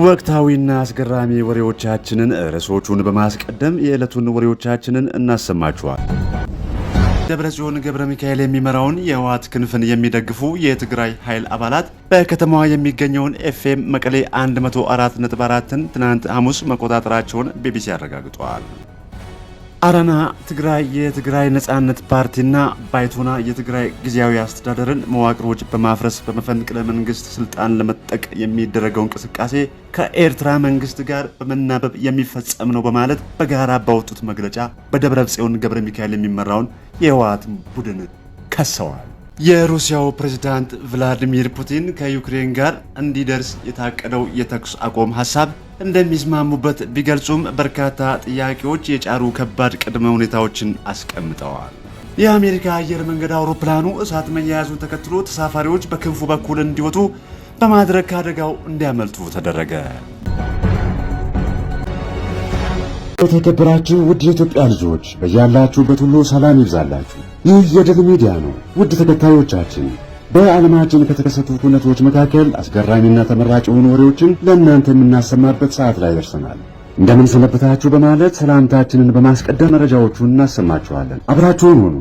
ወቅታዊና አስገራሚ ወሬዎቻችንን ርዕሶቹን በማስቀደም የዕለቱን ወሬዎቻችንን እናሰማችኋል። ደብረ ጽዮን ገብረ ሚካኤል የሚመራውን የህወሓት ክንፍን የሚደግፉ የትግራይ ኃይል አባላት በከተማዋ የሚገኘውን ኤፍኤም መቀሌ 104.4ን ትናንት ሐሙስ መቆጣጠራቸውን ቢቢሲ አረጋግጠዋል። አረና ትግራይ የትግራይ ነጻነት ፓርቲና ባይቶና የትግራይ ጊዜያዊ አስተዳደርን መዋቅሮች በማፍረስ በመፈንቅለ መንግስት ስልጣን ለመጠቅ የሚደረገው እንቅስቃሴ ከኤርትራ መንግስት ጋር በመናበብ የሚፈጸም ነው በማለት በጋራ ባወጡት መግለጫ በደብረ ጽዮን ገብረ ሚካኤል የሚመራውን የህወሓትን ቡድን ከሰዋል። የሩሲያው ፕሬዝዳንት ቭላዲሚር ፑቲን ከዩክሬን ጋር እንዲደርስ የታቀደው የተኩስ አቆም ሀሳብ እንደሚስማሙበት ቢገልጹም በርካታ ጥያቄዎች የጫሩ ከባድ ቅድመ ሁኔታዎችን አስቀምጠዋል። የአሜሪካ አየር መንገድ አውሮፕላኑ እሳት መያያዙን ተከትሎ ተሳፋሪዎች በክንፉ በኩል እንዲወጡ በማድረግ ከአደጋው እንዲያመልጡ ተደረገ። የተከበራችሁ ውድ የኢትዮጵያ ልጆች በያላችሁበት ሁሉ ሰላም ይብዛላችሁ። ይህ የድል ሚዲያ ነው። ውድ ተከታዮቻችን በዓለማችን ከተከሰቱ ሁነቶች መካከል አስገራሚና ተመራጭ የሆኑ ወሬዎችን ለእናንተ የምናሰማበት ሰዓት ላይ ደርሰናል። እንደምን ሰነበታችሁ በማለት ሰላምታችንን በማስቀደም መረጃዎቹን እናሰማችኋለን። አብራችሁን ሁኑ።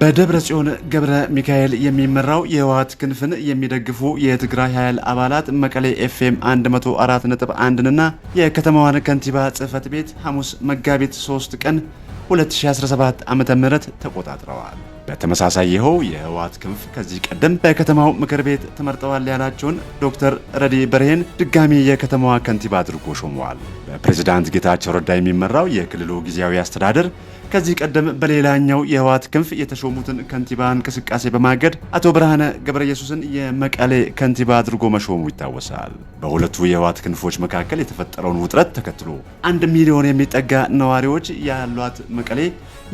በደብረ ጽዮን ገብረ ሚካኤል የሚመራው የህወሀት ክንፍን የሚደግፉ የትግራይ ኃይል አባላት መቀሌ ኤፍኤም 1 ና የከተማዋን ከንቲባ ጽህፈት ቤት ሐሙስ መጋቢት 3 ቀን 2017 ዓ.ም ተቆጣጥረዋል። በተመሳሳይ ይኸው የህወሓት ክንፍ ከዚህ ቀደም በከተማው ምክር ቤት ተመርጠዋል ያላቸውን ዶክተር ረዲ በርሄን ድጋሚ የከተማዋ ከንቲባ አድርጎ ሾመዋል። በፕሬዝዳንት ጌታቸው ረዳ የሚመራው የክልሉ ጊዜያዊ አስተዳደር ከዚህ ቀደም በሌላኛው የህወሓት ክንፍ የተሾሙትን ከንቲባ እንቅስቃሴ በማገድ አቶ ብርሃነ ገብረ ኢየሱስን የመቀሌ ከንቲባ አድርጎ መሾሙ ይታወሳል። በሁለቱ የህወሓት ክንፎች መካከል የተፈጠረውን ውጥረት ተከትሎ አንድ ሚሊዮን የሚጠጋ ነዋሪዎች ያሏት መቀሌ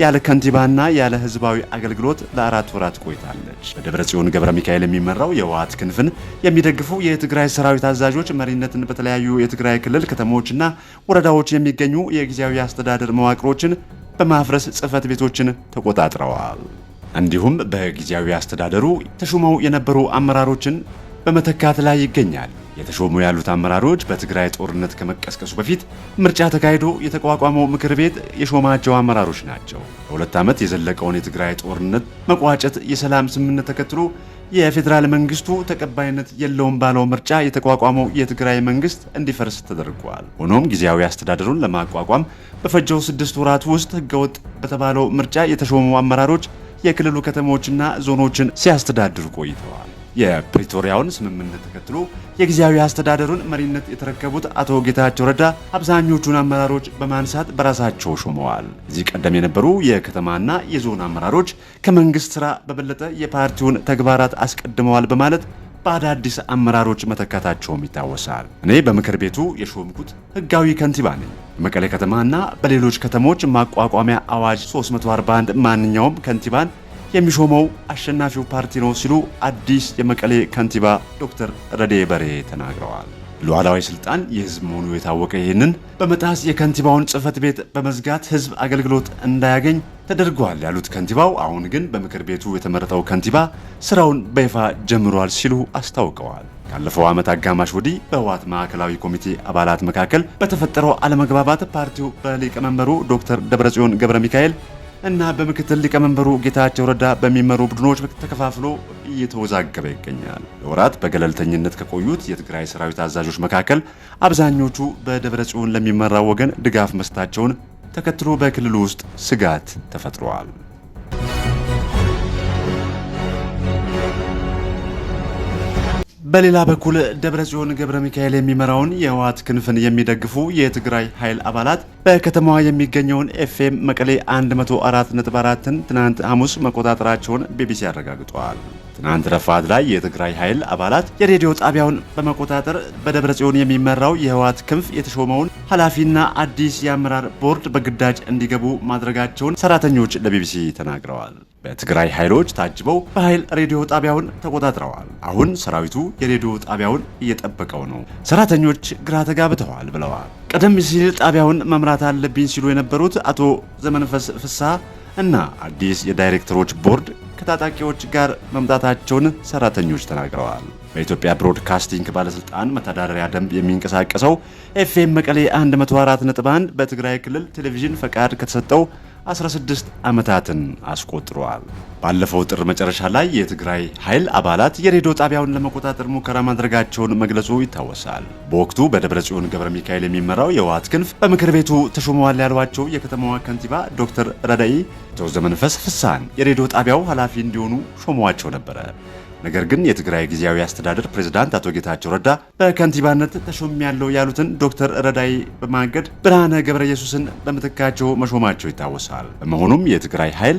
ያለ ከንቲባና ያለ ህዝባዊ አገልግሎት ለአራት ወራት ቆይታለች። በደብረ ጽዮን ገብረ ሚካኤል የሚመራው የህወሓት ክንፍን የሚደግፉ የትግራይ ሰራዊት አዛዦች መሪነትን በተለያዩ የትግራይ ክልል ከተሞችና ወረዳዎች የሚገኙ የጊዜያዊ አስተዳደር መዋቅሮችን በማፍረስ ጽህፈት ቤቶችን ተቆጣጥረዋል። እንዲሁም በጊዜያዊ አስተዳደሩ ተሹመው የነበሩ አመራሮችን በመተካት ላይ ይገኛል። የተሾሙ ያሉት አመራሮች በትግራይ ጦርነት ከመቀስቀሱ በፊት ምርጫ ተካሂዶ የተቋቋመው ምክር ቤት የሾማቸው አመራሮች ናቸው። ለሁለት ዓመት የዘለቀውን የትግራይ ጦርነት መቋጨት የሰላም ስምምነት ተከትሎ የፌዴራል መንግስቱ ተቀባይነት የለውም ባለው ምርጫ የተቋቋመው የትግራይ መንግስት እንዲፈርስ ተደርጓል። ሆኖም ጊዜያዊ አስተዳደሩን ለማቋቋም በፈጀው ስድስት ወራት ውስጥ ህገወጥ በተባለው ምርጫ የተሾሙ አመራሮች የክልሉ ከተሞችና ዞኖችን ሲያስተዳድሩ ቆይተዋል። የፕሪቶሪያውን ስምምነት ተከትሎ የጊዜያዊ አስተዳደሩን መሪነት የተረከቡት አቶ ጌታቸው ረዳ አብዛኞቹን አመራሮች በማንሳት በራሳቸው ሾመዋል። እዚህ ቀደም የነበሩ የከተማና የዞን አመራሮች ከመንግስት ስራ በበለጠ የፓርቲውን ተግባራት አስቀድመዋል በማለት በአዳዲስ አመራሮች መተካታቸውም ይታወሳል። እኔ በምክር ቤቱ የሾምኩት ህጋዊ ከንቲባ ነኝ። በመቀሌ ከተማና በሌሎች ከተሞች ማቋቋሚያ አዋጅ 341 ማንኛውም ከንቲባን የሚሾመው አሸናፊው ፓርቲ ነው ሲሉ አዲስ የመቀሌ ከንቲባ ዶክተር ረዴ በሬ ተናግረዋል። ሉዓላዊ ስልጣን የህዝብ መሆኑ የታወቀ ይህንን በመጣስ የከንቲባውን ጽህፈት ቤት በመዝጋት ህዝብ አገልግሎት እንዳያገኝ ተደርጓል ያሉት ከንቲባው፣ አሁን ግን በምክር ቤቱ የተመረጠው ከንቲባ ስራውን በይፋ ጀምሯል ሲሉ አስታውቀዋል። ካለፈው ዓመት አጋማሽ ወዲህ በህወሓት ማዕከላዊ ኮሚቴ አባላት መካከል በተፈጠረው አለመግባባት ፓርቲው በሊቀመንበሩ ዶክተር ደብረጽዮን ገብረ ሚካኤል እና በምክትል ሊቀመንበሩ ጌታቸው ረዳ በሚመሩ ቡድኖች ተከፋፍሎ እየተወዛገበ ይገኛል። ለወራት በገለልተኝነት ከቆዩት የትግራይ ሰራዊት አዛዦች መካከል አብዛኞቹ በደብረ ጽዮን ለሚመራው ወገን ድጋፍ መስጠታቸውን ተከትሎ በክልሉ ውስጥ ስጋት ተፈጥሯል። በሌላ በኩል ደብረጽዮን ገብረ ሚካኤል የሚመራውን የህወሓት ክንፍን የሚደግፉ የትግራይ ኃይል አባላት በከተማዋ የሚገኘውን ኤፍኤም መቀሌ 104.4ን ትናንት ሐሙስ መቆጣጠራቸውን ቢቢሲ አረጋግጠዋል። ትናንት ረፋት ላይ የትግራይ ኃይል አባላት የሬዲዮ ጣቢያውን በመቆጣጠር በደብረ ጽዮን የሚመራው የህወሓት ክንፍ የተሾመውን ኃላፊና አዲስ የአመራር ቦርድ በግዳጅ እንዲገቡ ማድረጋቸውን ሰራተኞች ለቢቢሲ ተናግረዋል። በትግራይ ኃይሎች ታጅበው በኃይል ሬዲዮ ጣቢያውን ተቆጣጥረዋል። አሁን ሰራዊቱ የሬዲዮ ጣቢያውን እየጠበቀው ነው። ሰራተኞች ግራ ተጋብተዋል ብለዋል። ቀደም ሲል ጣቢያውን መምራት አለብኝ ሲሉ የነበሩት አቶ ዘመንፈስ ፍሳ እና አዲስ የዳይሬክተሮች ቦርድ ከታጣቂዎች ጋር መምጣታቸውን ሰራተኞች ተናግረዋል። በኢትዮጵያ ብሮድካስቲንግ ባለስልጣን መተዳደሪያ ደንብ የሚንቀሳቀሰው ኤፍኤም መቀሌ 104.1 በትግራይ ክልል ቴሌቪዥን ፈቃድ ከተሰጠው 16 ዓመታትን አስቆጥሯል። ባለፈው ጥር መጨረሻ ላይ የትግራይ ኃይል አባላት የሬዲዮ ጣቢያውን ለመቆጣጠር ሙከራ ማድረጋቸውን መግለጹ ይታወሳል። በወቅቱ በደብረ ጽዮን ገብረ ሚካኤል የሚመራው የህወሓት ክንፍ በምክር ቤቱ ተሾመዋል ያሏቸው የከተማዋ ከንቲባ ዶክተር ረዳኢ ተወዘመንፈስ ፍሳን የሬዲዮ ጣቢያው ኃላፊ እንዲሆኑ ሾመዋቸው ነበረ። ነገር ግን የትግራይ ጊዜያዊ አስተዳደር ፕሬዝዳንት አቶ ጌታቸው ረዳ በከንቲባነት ያለው ያሉትን ዶክተር ረዳይ በማገድ ብርሃነ ገብረ ኢየሱስን በምትካቸው መሾማቸው ይታወሳል። በመሆኑም የትግራይ ኃይል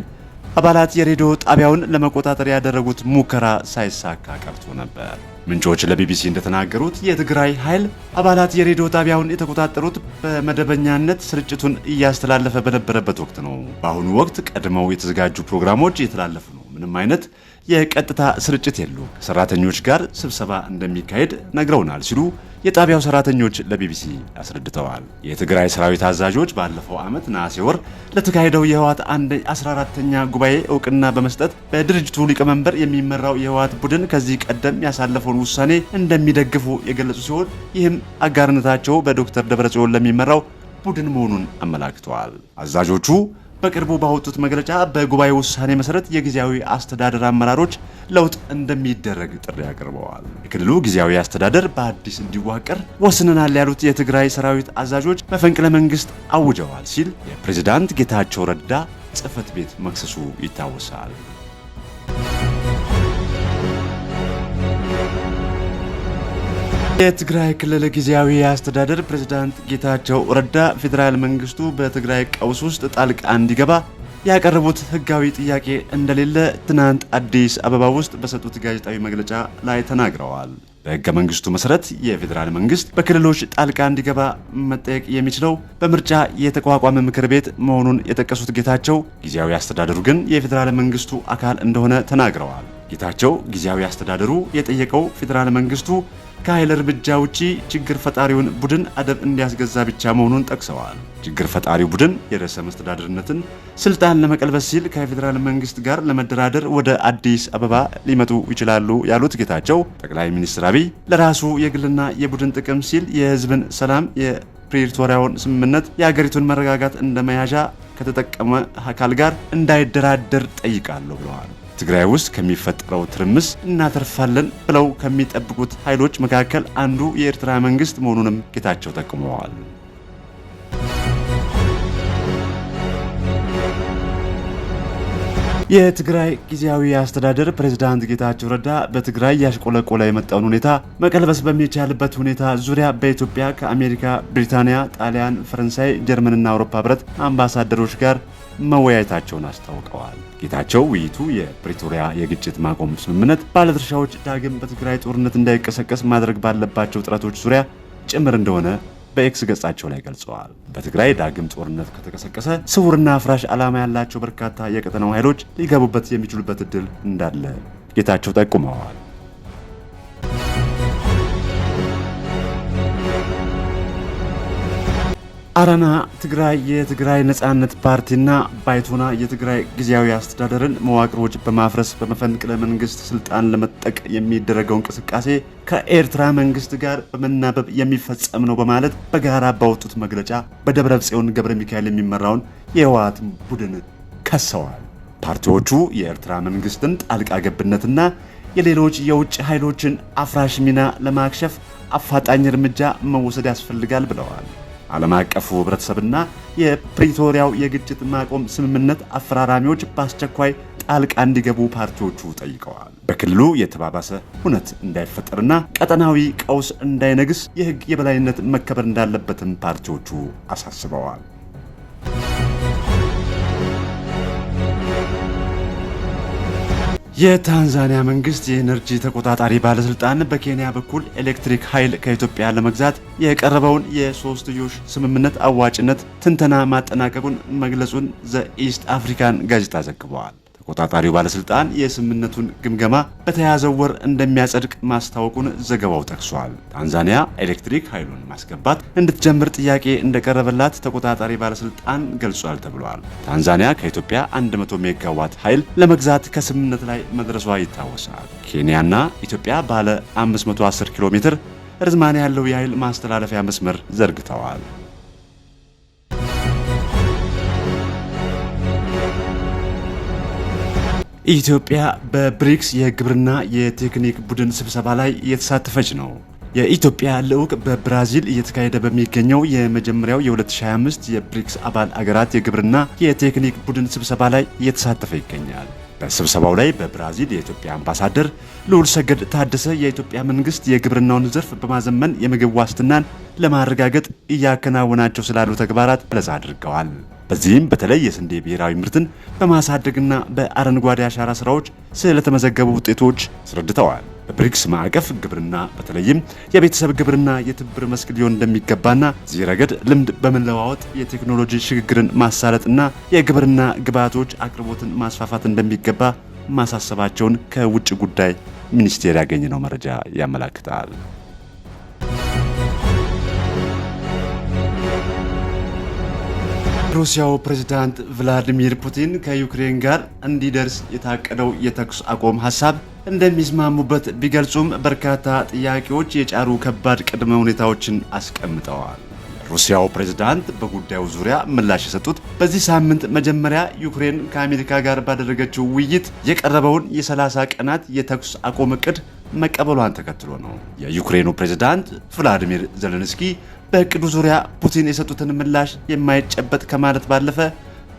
አባላት የሬዲዮ ጣቢያውን ለመቆጣጠር ያደረጉት ሙከራ ሳይሳካ ቀርቶ ነበር። ምንጮች ለቢቢሲ እንደተናገሩት የትግራይ ኃይል አባላት የሬዲዮ ጣቢያውን የተቆጣጠሩት በመደበኛነት ስርጭቱን እያስተላለፈ በነበረበት ወቅት ነው። በአሁኑ ወቅት ቀድመው የተዘጋጁ ፕሮግራሞች እየተላለፉ ነው። ምንም አይነት የቀጥታ ስርጭት የለውም። ሰራተኞች ጋር ስብሰባ እንደሚካሄድ ነግረውናል ሲሉ የጣቢያው ሰራተኞች ለቢቢሲ አስረድተዋል። የትግራይ ሰራዊት አዛዦች ባለፈው ዓመት ነሐሴ ወር ለተካሄደው የህወሓት 14 ተኛ ጉባኤ እውቅና በመስጠት በድርጅቱ ሊቀመንበር የሚመራው የህወሓት ቡድን ከዚህ ቀደም ያሳለፈውን ውሳኔ እንደሚደግፉ የገለጹ ሲሆን ይህም አጋርነታቸው በዶክተር ደብረጽዮን ለሚመራው ቡድን መሆኑን አመላክተዋል። አዛዦቹ በቅርቡ ባወጡት መግለጫ በጉባኤ ውሳኔ መሰረት የጊዜያዊ አስተዳደር አመራሮች ለውጥ እንደሚደረግ ጥሪ አቅርበዋል። የክልሉ ጊዜያዊ አስተዳደር በአዲስ እንዲዋቀር ወስነናል ያሉት የትግራይ ሰራዊት አዛዦች መፈንቅለ መንግስት አውጀዋል ሲል የፕሬዝዳንት ጌታቸው ረዳ ጽህፈት ቤት መክሰሱ ይታወሳል። የትግራይ ክልል ጊዜያዊ አስተዳደር ፕሬዝዳንት ጌታቸው ረዳ ፌዴራል መንግስቱ በትግራይ ቀውስ ውስጥ ጣልቃ እንዲገባ ያቀረቡት ህጋዊ ጥያቄ እንደሌለ ትናንት አዲስ አበባ ውስጥ በሰጡት ጋዜጣዊ መግለጫ ላይ ተናግረዋል። በህገ መንግስቱ መሰረት የፌዴራል መንግስት በክልሎች ጣልቃ እንዲገባ መጠየቅ የሚችለው በምርጫ የተቋቋመ ምክር ቤት መሆኑን የጠቀሱት ጌታቸው ጊዜያዊ አስተዳደሩ ግን የፌዴራል መንግስቱ አካል እንደሆነ ተናግረዋል። ጌታቸው ጊዜያዊ አስተዳደሩ የጠየቀው ፌዴራል መንግስቱ ከኃይል እርምጃ ውጪ ችግር ፈጣሪውን ቡድን አደብ እንዲያስገዛ ብቻ መሆኑን ጠቅሰዋል። ችግር ፈጣሪው ቡድን የርዕሰ መስተዳድርነትን ስልጣን ለመቀልበስ ሲል ከፌዴራል መንግስት ጋር ለመደራደር ወደ አዲስ አበባ ሊመጡ ይችላሉ ያሉት ጌታቸው ጠቅላይ ሚኒስትር አብይ ለራሱ የግልና የቡድን ጥቅም ሲል የህዝብን ሰላም የፕሪቶሪያውን ስምምነት የአገሪቱን መረጋጋት እንደመያዣ ከተጠቀመ አካል ጋር እንዳይደራደር ጠይቃለሁ ብለዋል። ትግራይ ውስጥ ከሚፈጠረው ትርምስ እናተርፋለን ብለው ከሚጠብቁት ኃይሎች መካከል አንዱ የኤርትራ መንግስት መሆኑንም ጌታቸው ጠቁመዋል። የትግራይ ጊዜያዊ አስተዳደር ፕሬዝዳንት ጌታቸው ረዳ በትግራይ ያሽቆለቆለ የመጣውን ሁኔታ መቀልበስ በሚቻልበት ሁኔታ ዙሪያ በኢትዮጵያ ከአሜሪካ፣ ብሪታንያ፣ ጣሊያን፣ ፈረንሳይ፣ ጀርመንና አውሮፓ ህብረት አምባሳደሮች ጋር መወያየታቸውን አስታውቀዋል። ጌታቸው ውይይቱ የፕሪቶሪያ የግጭት ማቆም ስምምነት ባለድርሻዎች ዳግም በትግራይ ጦርነት እንዳይቀሰቀስ ማድረግ ባለባቸው ጥረቶች ዙሪያ ጭምር እንደሆነ በኤክስ ገጻቸው ላይ ገልጸዋል። በትግራይ ዳግም ጦርነት ከተቀሰቀሰ ስውርና አፍራሽ ዓላማ ያላቸው በርካታ የቀጠናው ኃይሎች ሊገቡበት የሚችሉበት እድል እንዳለ ጌታቸው ጠቁመዋል። አረና ትግራይ የትግራይ ነጻነት ፓርቲና ባይቶና የትግራይ ጊዜያዊ አስተዳደርን መዋቅሮች በማፍረስ በመፈንቅለ መንግስት ስልጣን ለመጠቅ የሚደረገው እንቅስቃሴ ከኤርትራ መንግስት ጋር በመናበብ የሚፈጸም ነው በማለት በጋራ ባወጡት መግለጫ በደብረ ጽዮን ገብረ ሚካኤል የሚመራውን የህወሓትን ቡድን ከሰዋል። ፓርቲዎቹ የኤርትራ መንግስትን ጣልቃ ገብነትና የሌሎች የውጭ ኃይሎችን አፍራሽ ሚና ለማክሸፍ አፋጣኝ እርምጃ መወሰድ ያስፈልጋል ብለዋል። ዓለም አቀፉ ህብረተሰብና የፕሪቶሪያው የግጭት ማቆም ስምምነት አፈራራሚዎች በአስቸኳይ ጣልቃ እንዲገቡ ፓርቲዎቹ ጠይቀዋል። በክልሉ የተባባሰ ሁነት እንዳይፈጠርና ቀጠናዊ ቀውስ እንዳይነግስ የህግ የበላይነት መከበር እንዳለበትም ፓርቲዎቹ አሳስበዋል። የታንዛኒያ መንግስት የኤነርጂ ተቆጣጣሪ ባለስልጣን በኬንያ በኩል ኤሌክትሪክ ኃይል ከኢትዮጵያ ለመግዛት የቀረበውን የሶስትዮሽ ስምምነት አዋጭነት ትንተና ማጠናቀቁን መግለጹን ዘ ኢስት አፍሪካን ጋዜጣ ዘግበዋል። ተቆጣጣሪው ባለስልጣን የስምምነቱን ግምገማ በተያዘው ወር እንደሚያጸድቅ ማስታወቁን ዘገባው ጠቅሷል። ታንዛኒያ ኤሌክትሪክ ኃይሉን ማስገባት እንድትጀምር ጥያቄ እንደቀረበላት ተቆጣጣሪ ባለስልጣን ገልጿል ተብሏል። ታንዛኒያ ከኢትዮጵያ 100 ሜጋዋት ኃይል ለመግዛት ከስምምነት ላይ መድረሷ ይታወሳል። ኬንያና ኢትዮጵያ ባለ 510 ኪሎ ሜትር ርዝማኔ ያለው የኃይል ማስተላለፊያ መስመር ዘርግተዋል። ኢትዮጵያ በብሪክስ የግብርና የቴክኒክ ቡድን ስብሰባ ላይ እየተሳተፈች ነው። የኢትዮጵያ ልዑክ በብራዚል እየተካሄደ በሚገኘው የመጀመሪያው የ2025 የብሪክስ አባል አገራት የግብርና የቴክኒክ ቡድን ስብሰባ ላይ እየተሳተፈ ይገኛል። በስብሰባው ላይ በብራዚል የኢትዮጵያ አምባሳደር ልዑል ሰገድ ታደሰ የኢትዮጵያ መንግስት የግብርናውን ዘርፍ በማዘመን የምግብ ዋስትናን ለማረጋገጥ እያከናወናቸው ስላሉ ተግባራት ገለጻ አድርገዋል። በዚህም በተለይ የስንዴ ብሔራዊ ምርትን በማሳደግና በአረንጓዴ አሻራ ስራዎች ስለተመዘገቡ ውጤቶች አስረድተዋል። በብሪክስ ማዕቀፍ ግብርና በተለይም የቤተሰብ ግብርና የትብብር መስክ ሊሆን እንደሚገባና እዚህ ረገድ ልምድ በመለዋወጥ የቴክኖሎጂ ሽግግርን ማሳለጥና የግብርና ግብዓቶች አቅርቦትን ማስፋፋት እንደሚገባ ማሳሰባቸውን ከውጭ ጉዳይ ሚኒስቴር ያገኘነው መረጃ ያመላክታል። ሩሲያው ፕሬዝዳንት ቭላዲሚር ፑቲን ከዩክሬን ጋር እንዲደርስ የታቀደው የተኩስ አቆም ሀሳብ እንደሚስማሙበት ቢገልጹም በርካታ ጥያቄዎች የጫሩ ከባድ ቅድመ ሁኔታዎችን አስቀምጠዋል። ሩሲያው ፕሬዝዳንት በጉዳዩ ዙሪያ ምላሽ የሰጡት በዚህ ሳምንት መጀመሪያ ዩክሬን ከአሜሪካ ጋር ባደረገችው ውይይት የቀረበውን የ30 ቀናት የተኩስ አቁም እቅድ መቀበሏን ተከትሎ ነው። የዩክሬኑ ፕሬዝዳንት ቭላዲሚር ዘለንስኪ በእቅዱ ዙሪያ ፑቲን የሰጡትን ምላሽ የማይጨበጥ ከማለት ባለፈ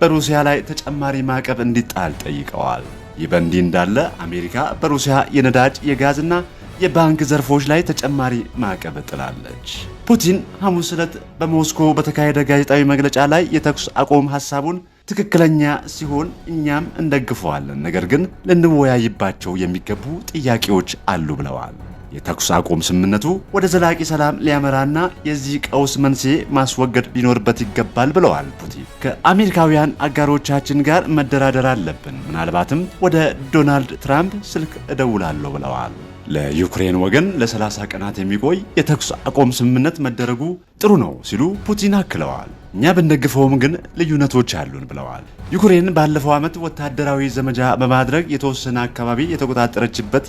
በሩሲያ ላይ ተጨማሪ ማዕቀብ እንዲጣል ጠይቀዋል። ይህ በእንዲህ እንዳለ አሜሪካ በሩሲያ የነዳጅ የጋዝና የባንክ ዘርፎች ላይ ተጨማሪ ማዕቀብ ጥላለች። ፑቲን ሐሙስ ዕለት በሞስኮ በተካሄደ ጋዜጣዊ መግለጫ ላይ የተኩስ አቆም ሐሳቡን ትክክለኛ ሲሆን እኛም እንደግፈዋለን፣ ነገር ግን ልንወያይባቸው የሚገቡ ጥያቄዎች አሉ ብለዋል። የተኩስ አቁም ስምምነቱ ወደ ዘላቂ ሰላም ሊያመራና የዚህ ቀውስ መንስኤ ማስወገድ ሊኖርበት ይገባል ብለዋል ፑቲን። ከአሜሪካውያን አጋሮቻችን ጋር መደራደር አለብን፣ ምናልባትም ወደ ዶናልድ ትራምፕ ስልክ እደውላለሁ ብለዋል። ለዩክሬን ወገን ለ30 ቀናት የሚቆይ የተኩስ አቁም ስምምነት መደረጉ ጥሩ ነው ሲሉ ፑቲን አክለዋል። እኛ ብንደግፈውም ግን ልዩነቶች አሉን ብለዋል። ዩክሬን ባለፈው ዓመት ወታደራዊ ዘመቻ በማድረግ የተወሰነ አካባቢ የተቆጣጠረችበት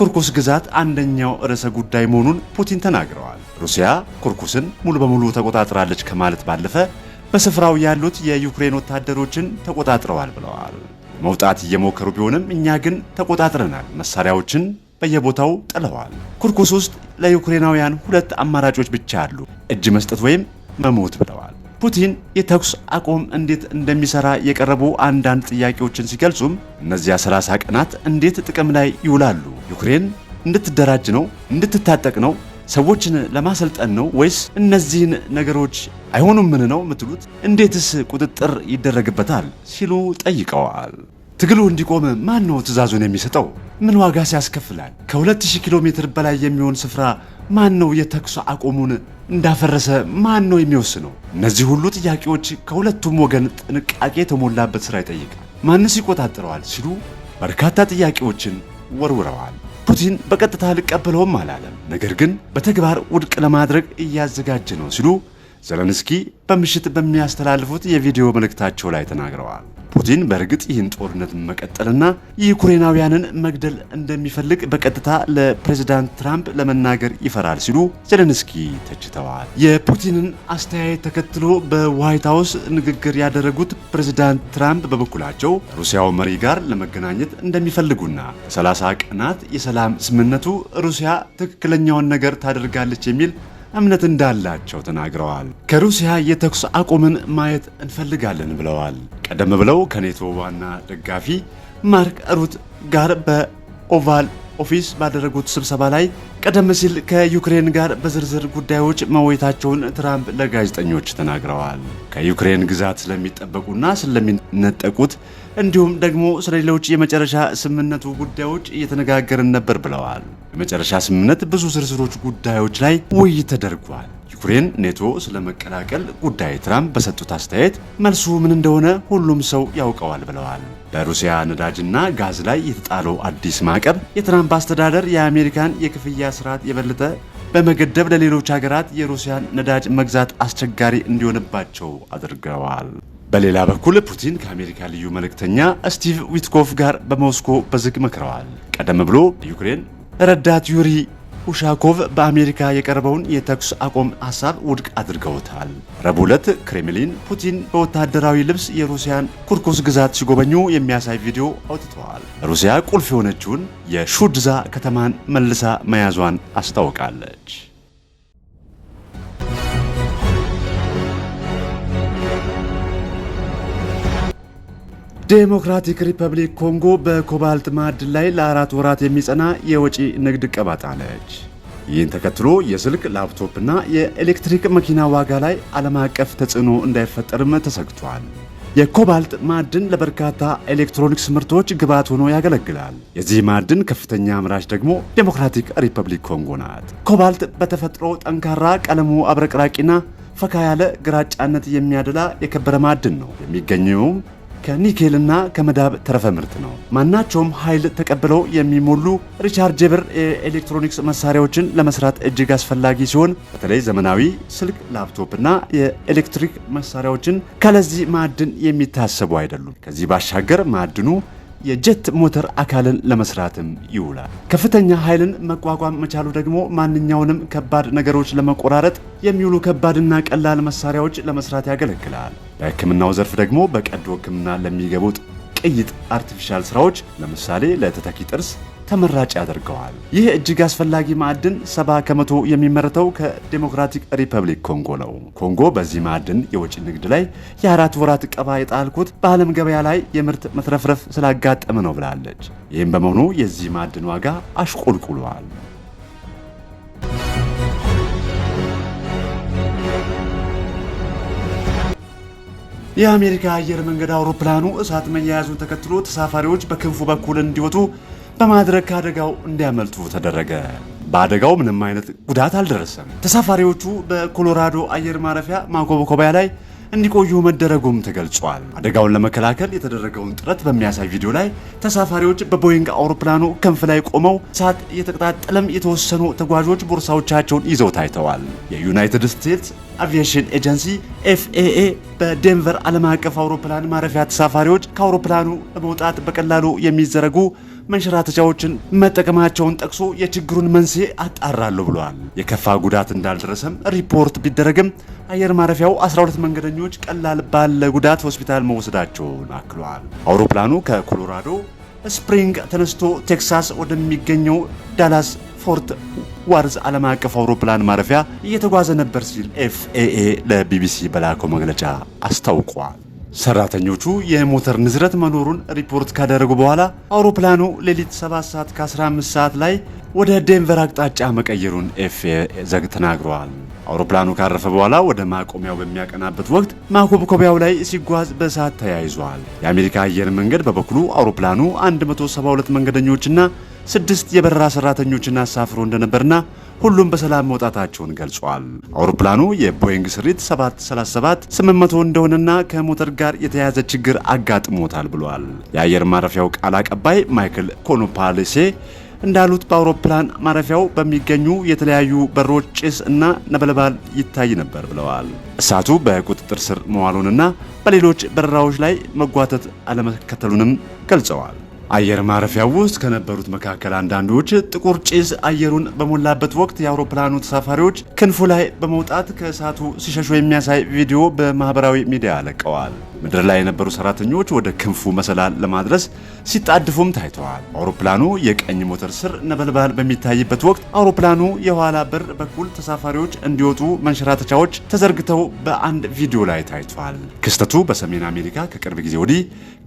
ኩርኩስ ግዛት አንደኛው ርዕሰ ጉዳይ መሆኑን ፑቲን ተናግረዋል። ሩሲያ ኩርኩስን ሙሉ በሙሉ ተቆጣጥራለች ከማለት ባለፈ በስፍራው ያሉት የዩክሬን ወታደሮችን ተቆጣጥረዋል ብለዋል። መውጣት እየሞከሩ ቢሆንም እኛ ግን ተቆጣጥረናል፣ መሳሪያዎችን በየቦታው ጥለዋል። ኩርኩስ ውስጥ ለዩክሬናውያን ሁለት አማራጮች ብቻ አሉ፣ እጅ መስጠት ወይም መሞት ብለዋል። ፑቲን የተኩስ አቁም እንዴት እንደሚሰራ የቀረቡ አንዳንድ ጥያቄዎችን ሲገልጹም እነዚያ 30 ቀናት እንዴት ጥቅም ላይ ይውላሉ? ዩክሬን እንድትደራጅ ነው? እንድትታጠቅ ነው? ሰዎችን ለማሰልጠን ነው ወይስ እነዚህን ነገሮች አይሆኑም? ምን ነው የምትሉት? እንዴትስ ቁጥጥር ይደረግበታል? ሲሉ ጠይቀዋል። ትግሉ እንዲቆም ማን ነው ትዕዛዙን የሚሰጠው? ምን ዋጋ ሲያስከፍላል? ከ2000 ኪሎ ሜትር በላይ የሚሆን ስፍራ ማን ነው የተኩስ አቁሙን እንዳፈረሰ ማን ነው የሚወስነው? እነዚህ ሁሉ ጥያቄዎች ከሁለቱም ወገን ጥንቃቄ የተሞላበት ስራ ይጠይቃል። ማንስ ይቆጣጠረዋል ሲሉ በርካታ ጥያቄዎችን ወርውረዋል። ፑቲን በቀጥታ አልቀበለውም አላለም፣ ነገር ግን በተግባር ውድቅ ለማድረግ እያዘጋጀ ነው ሲሉ ዘለንስኪ በምሽት በሚያስተላልፉት የቪዲዮ መልእክታቸው ላይ ተናግረዋል። ፑቲን በእርግጥ ይህን ጦርነት መቀጠልና የዩክሬናውያንን መግደል እንደሚፈልግ በቀጥታ ለፕሬዝዳንት ትራምፕ ለመናገር ይፈራል ሲሉ ዜሌንስኪ ተችተዋል። የፑቲንን አስተያየት ተከትሎ በዋይት ሀውስ ንግግር ያደረጉት ፕሬዝዳንት ትራምፕ በበኩላቸው ሩሲያው መሪ ጋር ለመገናኘት እንደሚፈልጉና ሰላሳ ቀናት የሰላም ስምነቱ ሩሲያ ትክክለኛውን ነገር ታደርጋለች የሚል እምነት እንዳላቸው ተናግረዋል። ከሩሲያ የተኩስ አቁምን ማየት እንፈልጋለን ብለዋል። ቀደም ብለው ከኔቶ ዋና ደጋፊ ማርክ ሩት ጋር በኦቫል ኦፊስ ባደረጉት ስብሰባ ላይ ቀደም ሲል ከዩክሬን ጋር በዝርዝር ጉዳዮች መወየታቸውን ትራምፕ ለጋዜጠኞች ተናግረዋል። ከዩክሬን ግዛት ስለሚጠበቁና ስለሚነጠቁት እንዲሁም ደግሞ ስለሌሎች የመጨረሻ ስምምነቱ ጉዳዮች እየተነጋገርን ነበር ብለዋል። የመጨረሻ ስምምነት ብዙ ዝርዝሮች ጉዳዮች ላይ ውይይት ተደርጓል። ዩክሬን ኔቶ ስለመቀላቀል ጉዳይ ትራምፕ በሰጡት አስተያየት መልሱ ምን እንደሆነ ሁሉም ሰው ያውቀዋል ብለዋል። በሩሲያ ነዳጅና ጋዝ ላይ የተጣለው አዲስ ማዕቀብ የትራምፕ አስተዳደር የአሜሪካን የክፍያ ስርዓት የበለጠ በመገደብ ለሌሎች ሀገራት የሩሲያን ነዳጅ መግዛት አስቸጋሪ እንዲሆንባቸው አድርገዋል። በሌላ በኩል ፑቲን ከአሜሪካ ልዩ መልእክተኛ ስቲቭ ዊትኮፍ ጋር በሞስኮ በዝግ መክረዋል። ቀደም ብሎ ዩክሬን ረዳት ዩሪ ኡሻኮቭ በአሜሪካ የቀረበውን የተኩስ አቁም ሀሳብ ውድቅ አድርገውታል። ረቡዕ ዕለት ክሬምሊን ፑቲን በወታደራዊ ልብስ የሩሲያን ኩርኩስ ግዛት ሲጎበኙ የሚያሳይ ቪዲዮ አውጥተዋል። ሩሲያ ቁልፍ የሆነችውን የሹድዛ ከተማን መልሳ መያዟን አስታውቃለች። ዴሞክራቲክ ሪፐብሊክ ኮንጎ በኮባልት ማዕድን ላይ ለአራት ወራት የሚጸና የወጪ ንግድ ቀባት አለች። ይህን ተከትሎ የስልክ ላፕቶፕና የኤሌክትሪክ መኪና ዋጋ ላይ ዓለም አቀፍ ተጽዕኖ እንዳይፈጠርም ተሰግቷል። የኮባልት ማዕድን ለበርካታ ኤሌክትሮኒክስ ምርቶች ግብዓት ሆኖ ያገለግላል። የዚህ ማዕድን ከፍተኛ አምራች ደግሞ ዴሞክራቲክ ሪፐብሊክ ኮንጎ ናት። ኮባልት በተፈጥሮ ጠንካራ፣ ቀለሙ አብረቅራቂና ፈካ ያለ ግራጫነት የሚያደላ የከበረ ማዕድን ነው። የሚገኘውም ከኒኬልና ከመዳብ ተረፈ ምርት ነው። ማናቸውም ኃይል ተቀብለው የሚሞሉ ሪቻርጀብል የኤሌክትሮኒክስ መሳሪያዎችን ለመስራት እጅግ አስፈላጊ ሲሆን በተለይ ዘመናዊ ስልክ፣ ላፕቶፕና የኤሌክትሪክ መሳሪያዎችን ካለዚህ ማዕድን የሚታሰቡ አይደሉም። ከዚህ ባሻገር ማዕድኑ የጀት ሞተር አካልን ለመስራትም ይውላል። ከፍተኛ ኃይልን መቋቋም መቻሉ ደግሞ ማንኛውንም ከባድ ነገሮች ለመቆራረጥ የሚውሉ ከባድና ቀላል መሳሪያዎች ለመስራት ያገለግላል። በህክምናው ዘርፍ ደግሞ በቀዶ ህክምና ለሚገቡት ቅይጥ አርቲፊሻል ስራዎች ለምሳሌ ለተተኪ ጥርስ ተመራጭ ያደርገዋል። ይህ እጅግ አስፈላጊ ማዕድን 70 ከመቶ የሚመረተው ከዴሞክራቲክ ሪፐብሊክ ኮንጎ ነው። ኮንጎ በዚህ ማዕድን የወጪ ንግድ ላይ የአራት ወራት ቀባ የጣልኩት በዓለም ገበያ ላይ የምርት መትረፍረፍ ስላጋጠመ ነው ብላለች። ይህም በመሆኑ የዚህ ማዕድን ዋጋ አሽቆልቁሏል። የአሜሪካ አየር መንገድ አውሮፕላኑ እሳት መያያዙን ተከትሎ ተሳፋሪዎች በክንፉ በኩል እንዲወጡ በማድረግ ከአደጋው እንዲያመልጡ ተደረገ። በአደጋው ምንም አይነት ጉዳት አልደረሰም። ተሳፋሪዎቹ በኮሎራዶ አየር ማረፊያ ማኮብኮቢያ ላይ እንዲቆዩ መደረጉም ተገልጿል። አደጋውን ለመከላከል የተደረገውን ጥረት በሚያሳይ ቪዲዮ ላይ ተሳፋሪዎች በቦይንግ አውሮፕላኑ ክንፍ ላይ ቆመው እሳት እየተቀጣጠለም የተወሰኑ ተጓዦች ቦርሳዎቻቸውን ይዘው ታይተዋል። የዩናይትድ ስቴትስ አቪዬሽን ኤጀንሲ ኤፍኤኤ በዴንቨር ዓለም አቀፍ አውሮፕላን ማረፊያ ተሳፋሪዎች ከአውሮፕላኑ በመውጣት በቀላሉ የሚዘረጉ መንሸራተቻዎችን መጠቀማቸውን ጠቅሶ የችግሩን መንስኤ አጣራለሁ ብለዋል። የከፋ ጉዳት እንዳልደረሰም ሪፖርት ቢደረግም አየር ማረፊያው 12 መንገደኞች ቀላል ባለ ጉዳት ሆስፒታል መወሰዳቸውን አክሏል። አውሮፕላኑ ከኮሎራዶ ስፕሪንግ ተነስቶ ቴክሳስ ወደሚገኘው ዳላስ ፎርት ዋርዝ ዓለም አቀፍ አውሮፕላን ማረፊያ እየተጓዘ ነበር ሲል ኤፍኤኤ ለቢቢሲ በላከው መግለጫ አስታውቋል። ሰራተኞቹ የሞተር ንዝረት መኖሩን ሪፖርት ካደረጉ በኋላ አውሮፕላኑ ሌሊት 7 ሰዓት ከ15 ሰዓት ላይ ወደ ዴንቨር አቅጣጫ መቀየሩን ኤፍኤ ዘግ ተናግረዋል። አውሮፕላኑ ካረፈ በኋላ ወደ ማቆሚያው በሚያቀናበት ወቅት ማኮብኮቢያው ላይ ሲጓዝ በእሳት ተያይዟል። የአሜሪካ አየር መንገድ በበኩሉ አውሮፕላኑ 172 መንገደኞችና ስድስት የበረራ ሰራተኞችን አሳፍሮ እንደነበርና ሁሉም በሰላም መውጣታቸውን ገልጿል። አውሮፕላኑ የቦይንግ ስሪት 737 800 እንደሆነና ከሞተር ጋር የተያያዘ ችግር አጋጥሞታል ብሏል። የአየር ማረፊያው ቃል አቀባይ ማይክል ኮኖፓሌሴ እንዳሉት በአውሮፕላን ማረፊያው በሚገኙ የተለያዩ በሮች ጭስ እና ነበልባል ይታይ ነበር ብለዋል። እሳቱ በቁጥጥር ስር መዋሉንና በሌሎች በረራዎች ላይ መጓተት አለመከተሉንም ገልጸዋል። አየር ማረፊያ ውስጥ ከነበሩት መካከል አንዳንዶች ጥቁር ጭስ አየሩን በሞላበት ወቅት የአውሮፕላኑ ተሳፋሪዎች ክንፉ ላይ በመውጣት ከእሳቱ ሲሸሹ የሚያሳይ ቪዲዮ በማህበራዊ ሚዲያ ለቀዋል። ምድር ላይ የነበሩ ሰራተኞች ወደ ክንፉ መሰላል ለማድረስ ሲጣድፉም ታይተዋል። አውሮፕላኑ የቀኝ ሞተር ስር ነበልባል በሚታይበት ወቅት አውሮፕላኑ የኋላ በር በኩል ተሳፋሪዎች እንዲወጡ መንሸራተቻዎች ተዘርግተው በአንድ ቪዲዮ ላይ ታይቷል። ክስተቱ በሰሜን አሜሪካ ከቅርብ ጊዜ ወዲህ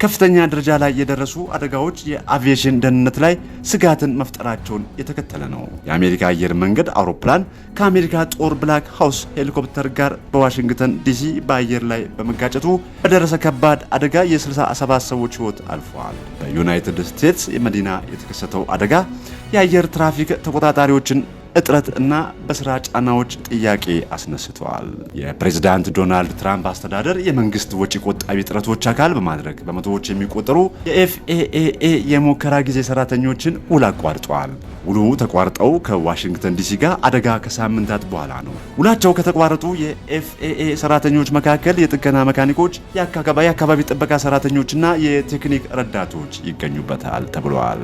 ከፍተኛ ደረጃ ላይ የደረሱ አደጋዎች አውሮፕላኖች የአቪዬሽን ደህንነት ላይ ስጋትን መፍጠራቸውን የተከተለ ነው። የአሜሪካ አየር መንገድ አውሮፕላን ከአሜሪካ ጦር ብላክ ሃውስ ሄሊኮፕተር ጋር በዋሽንግተን ዲሲ በአየር ላይ በመጋጨቱ በደረሰ ከባድ አደጋ የ67 ሰዎች ሕይወት አልፈዋል። በዩናይትድ ስቴትስ መዲና የተከሰተው አደጋ የአየር ትራፊክ ተቆጣጣሪዎችን እጥረት እና በስራ ጫናዎች ጥያቄ አስነስተዋል። የፕሬዝዳንት ዶናልድ ትራምፕ አስተዳደር የመንግስት ወጪ ቆጣቢ ጥረቶች አካል በማድረግ በመቶዎች የሚቆጠሩ የኤፍኤኤኤ የሙከራ ጊዜ ሰራተኞችን ውል አቋርጠዋል። ውሉ ተቋርጠው ከዋሽንግተን ዲሲ ጋር አደጋ ከሳምንታት በኋላ ነው። ውላቸው ከተቋረጡ የኤፍኤኤ ሰራተኞች መካከል የጥገና መካኒኮች፣ የአካባቢ ጥበቃ ሰራተኞችና የቴክኒክ ረዳቶች ይገኙበታል ተብለዋል።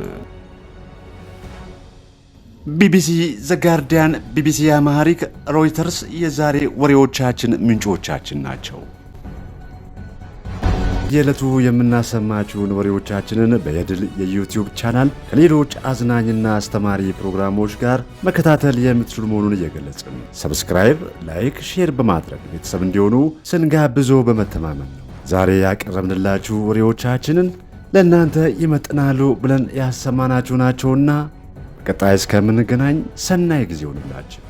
ቢቢሲ፣ ዘጋርዲያን፣ ቢቢሲ አማሪክ፣ ሮይተርስ የዛሬ ወሬዎቻችን ምንጮቻችን ናቸው። የዕለቱ የምናሰማችውን ወሬዎቻችንን በየድል የዩቲዩብ ቻናል ከሌሎች አዝናኝና አስተማሪ ፕሮግራሞች ጋር መከታተል የምትችሉ መሆኑን እየገለጽን ሰብስክራይብ፣ ላይክ፣ ሼር በማድረግ ቤተሰብ እንዲሆኑ ስንጋብዞ በመተማመን ነው ዛሬ ያቀረብንላችሁ ወሬዎቻችንን ለእናንተ ይመጥናሉ ብለን ያሰማናችሁ ናቸውና ቀጣይ እስከምንገናኝ ሰናይ ጊዜ ይሁንላችሁ።